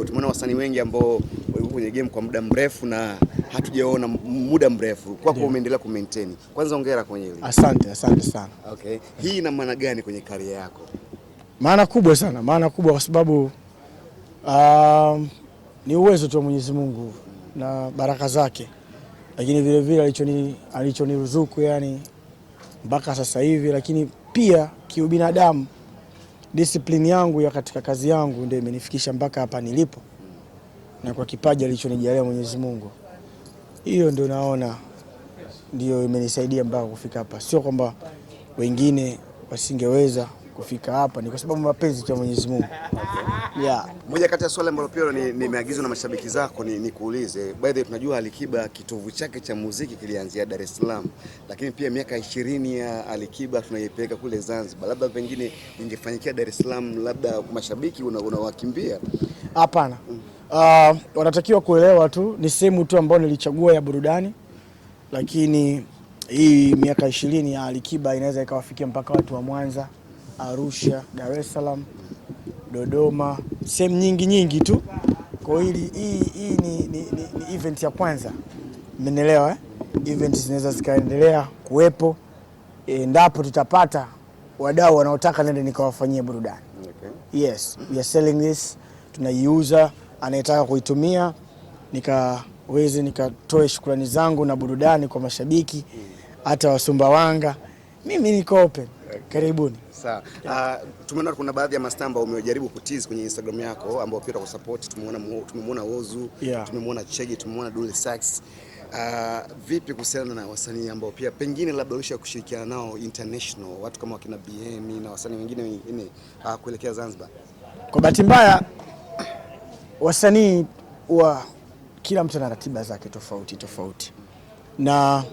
kidogo. Tumeona wasanii wengi ambao walikuwa kwenye game kwa muda mrefu na hatujaona muda mrefu kwako, umeendelea ku maintain. Kwanza hongera kwenye hili. Asante, asante sana. Okay, hii ina maana gani kwenye career yako? Maana kubwa sana, maana kubwa kwa sababu uh, ni uwezo tu wa Mwenyezi Mungu na baraka zake, lakini vilevile alichoni alichoniruzuku yani mpaka sasa hivi, lakini pia kiubinadamu disiplini yangu ya katika kazi yangu ndio imenifikisha mpaka hapa nilipo, na kwa kipaji alichonijalia Mwenyezi Mungu, hiyo ndio naona ndio imenisaidia mpaka kufika hapa. Sio kwamba wengine wasingeweza kufika hapa ni kwa sababu mapenzi ya Mwenyezi Mungu. Yeah. Moja kati ya swali ambalo pia nimeagizwa ni na mashabiki zako ni, ni kuulize. By the way, tunajua Alikiba kitovu chake cha muziki kilianzia Dar es Salaam, lakini pia miaka ishirini ya Alikiba tunaipeleka kule Zanzibar. Labda pengine ingefanyikia Dar es Salaam, labda mashabiki unawakimbia una hapana. mm. Uh, wanatakiwa kuelewa tu ni sehemu tu ambayo nilichagua ya burudani, lakini hii miaka ishirini ya Alikiba inaweza ikawafikia mpaka watu wa Mwanza Arusha, Dar es Salaam, Dodoma, sehemu nyingi nyingi tu. Kwa hiyo hii hii ni, ni, ni, ni event ya kwanza, mmenielewa eh? Event zinaweza zikaendelea kuwepo endapo tutapata wadau wanaotaka nende nikawafanyia burudani. Okay. Yes, we are selling this, tunaiuza, anayetaka kuitumia nikaweze nikatoe shukrani zangu na burudani kwa mashabiki hata Wasumbawanga, mimi niko open. Karibuni. Sawa. Uh, tumeona kuna baadhi ya mastaa ambao umejaribu kutease kwenye Instagram yako ambao pia utakusupport. Tumemuona tumemwona Ozu, yeah. Tumemuona Chege, tumemuona Dule Sax. Uh, vipi kuhusiana na wasanii ambao pia pengine labda ulisha kushirikiana nao international, watu kama wakina BM na wasanii wengine wengine uh, kuelekea Zanzibar? Kwa bahati mbaya wasanii wa kila mtu ana ratiba zake tofauti tofauti, na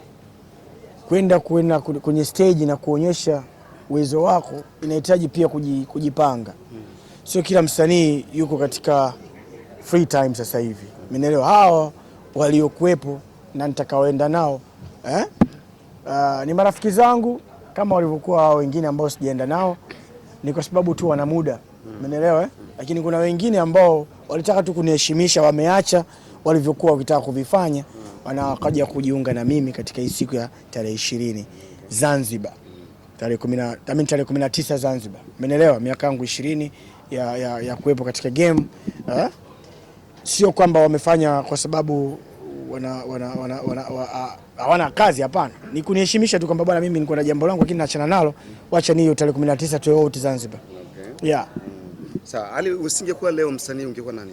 kwenda kwenda kwenye stage na kuonyesha uwezo wako inahitaji pia kujipanga. Sio kila msanii yuko katika free time sasa hivi, mnaelewa. Hawa waliokuwepo na nitakaoenda nao eh? Uh, ni marafiki zangu kama walivyokuwa hao wengine ambao sijaenda nao, ni kwa sababu tu wana muda, mnaelewa eh? Lakini kuna wengine ambao walitaka tu kuniheshimisha, wameacha walivyokuwa wakitaka kuvifanya, wanakaja kujiunga na mimi katika hii siku ya tarehe ishirini Zanzibar tarehe 10 I mean Zanzibar. umenielewa? Miaka yangu 20 ya, ya, ya kuwepo katika game ha? Eh? Sio kwamba wamefanya kwa sababu wana, wana, wana, wana, wana, hawana kazi hapana, ni kuniheshimisha tu kwamba bwana, mimi niko na jambo langu lakini naachana nalo, wacha hiyo tarehe 19 tuwe wote Zanzibar. Okay. Yeah. Mm. Sawa, Ali, usingekuwa leo msanii ungekuwa nani?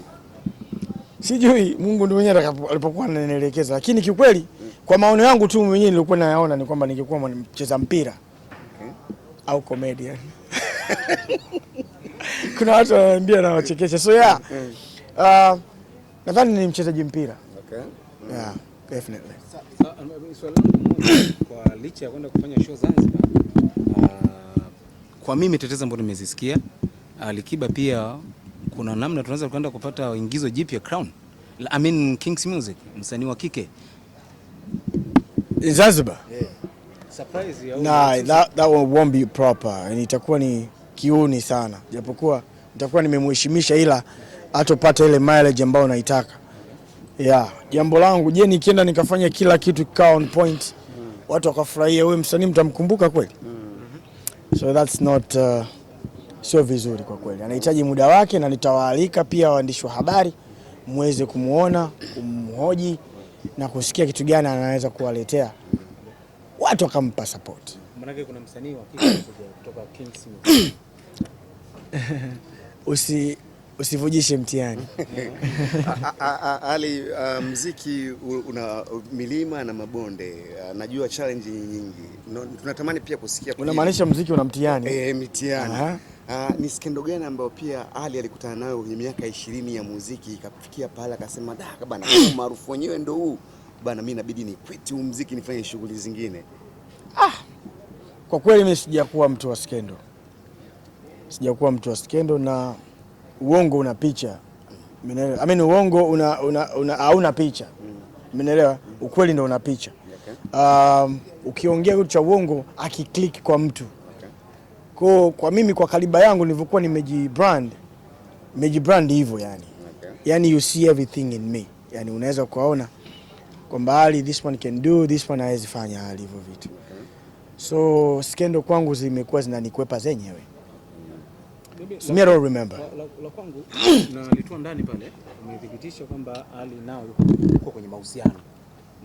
Sijui, Mungu ndiye mwenyewe alipokuwa ananielekeza, lakini kiukweli, mm. kwa maono yangu tu mwenyewe nilikuwa nayaona ni kwamba ningekuwa mcheza mpira okay. au comedian kuna watu na nawachekesha, so yeah. Mm-hmm. Uh, nadhani ni mchezaji mpira okay. mm. yeah, definitely. Um, um, kwa licha ya kwenda kufanya show Zanzibar, uh, kwa mimi tetezi ambayo nimezisikia Alikiba uh, pia kuna namna tunaweza kwenda kupata ingizo jipya Crown, I mean Kings Music, msanii wa kike Zanzibar yeah surprise ya nah, that, that one won't be proper. Itakuwa ni kiuni sana, japokuwa nitakuwa nimemheshimisha, ila atopata ile mileage ambayo naitaka. Yeah, jambo langu je, nikienda nikafanya kila kitu kikawa on point, mm. watu wakafurahia, wewe msanii mtamkumbuka kweli? mm. so that's not uh, sio vizuri kwa kweli, anahitaji muda wake, na nitawaalika pia waandishi wa habari muweze kumwona, kumhoji na kusikia kitu gani anaweza kuwaletea watu wakampa support. Manake kuna msanii wa kike kutoka Kings. Usi usivujishe mtihani Ali. Uh, mziki una milima na mabonde. Uh, najua challenge nyingi no, tunatamani pia kusikia. Unamaanisha mziki una mtihani e, mtihani uh, ni skendo gani ambayo pia Ali alikutana nayo kwenye miaka ishirini ya muziki ikafikia pale akasema, da bana, maarufu wenyewe ndo huu bana, mi nabidi nikwiti huu mziki nifanye shughuli zingine. Ah, kwa kweli mimi sijakuwa mtu wa skendo, sijakuwa mtu wa skendo na uongo una picha I mean, uongo una, una, una, hauna picha umeelewa? Ukweli ndio una picha. Um, ukiongea kitu cha uongo akiklik kwa mtu kwa, kwa mimi kwa kaliba yangu nilivyokuwa nimejibrand nimejibrand hivyo yani. Yani you see everything in me yani, unaweza kuona kwamba hali this one can do this one hawezi fanya hivyo vitu So skendo kwangu zimekuwa zinanikwepa zenyewe. So, la, la, la, la kwangu na alitoa ndani pale umethibitisha kwamba Ali nao yuko kwenye mahusiano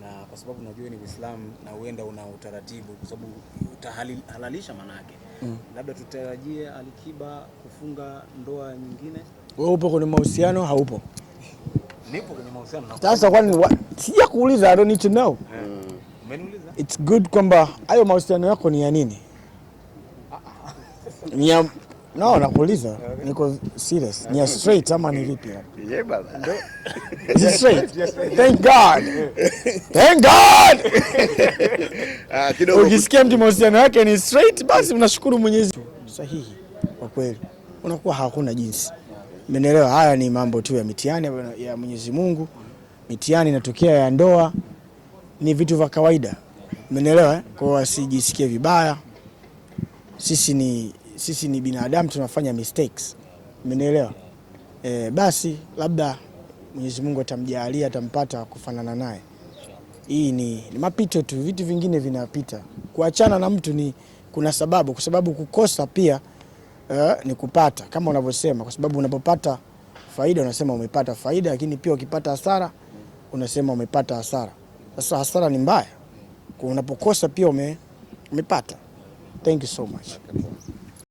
na kwa sababu najua ni Uislamu na huenda una utaratibu kwa sababu utahalalisha maana yake mm. Labda tutarajie Alikiba kufunga ndoa nyingine. Wewe upo kwenye mahusiano haupo? Nipo kwenye mahusiano. Sasa kwani sija kuuliza, I don't need to know. Mm. It's good kwamba hayo mahusiano yako ni ya nini? Ni ya No, nakuuliza. Niko serious. Ni ya straight ama ni vipi Yeah, baba. straight? Thank God. Thank God. Ah, kidogo. Ukisikia mtu mahusiano yake ni straight basi unashukuru Mwenyezi sahihi kwa kweli. Unakuwa hakuna jinsi. menelewa Haya ni mambo tu ya mitihani ya Mwenyezi Mungu. Mitihani inatokea ya ndoa ni vitu vya kawaida, umeelewa eh? Kwa hiyo vibaya, sisi ni, sisi ni binadamu tunafanya mistakes, umeelewa E, Basi labda Mwenyezi Mungu atamjalia atampata kufanana naye. Hii ni, ni mapito tu, vitu vingine vinapita. Kuachana na mtu ni kuna sababu, kwa sababu kukosa pia uh, ni kupata kama unavyosema, kwa sababu unapopata faida unasema umepata faida, lakini pia ukipata hasara unasema umepata hasara. Sasa hasara ni mbaya, unapokosa pia umepata. Thank you so much.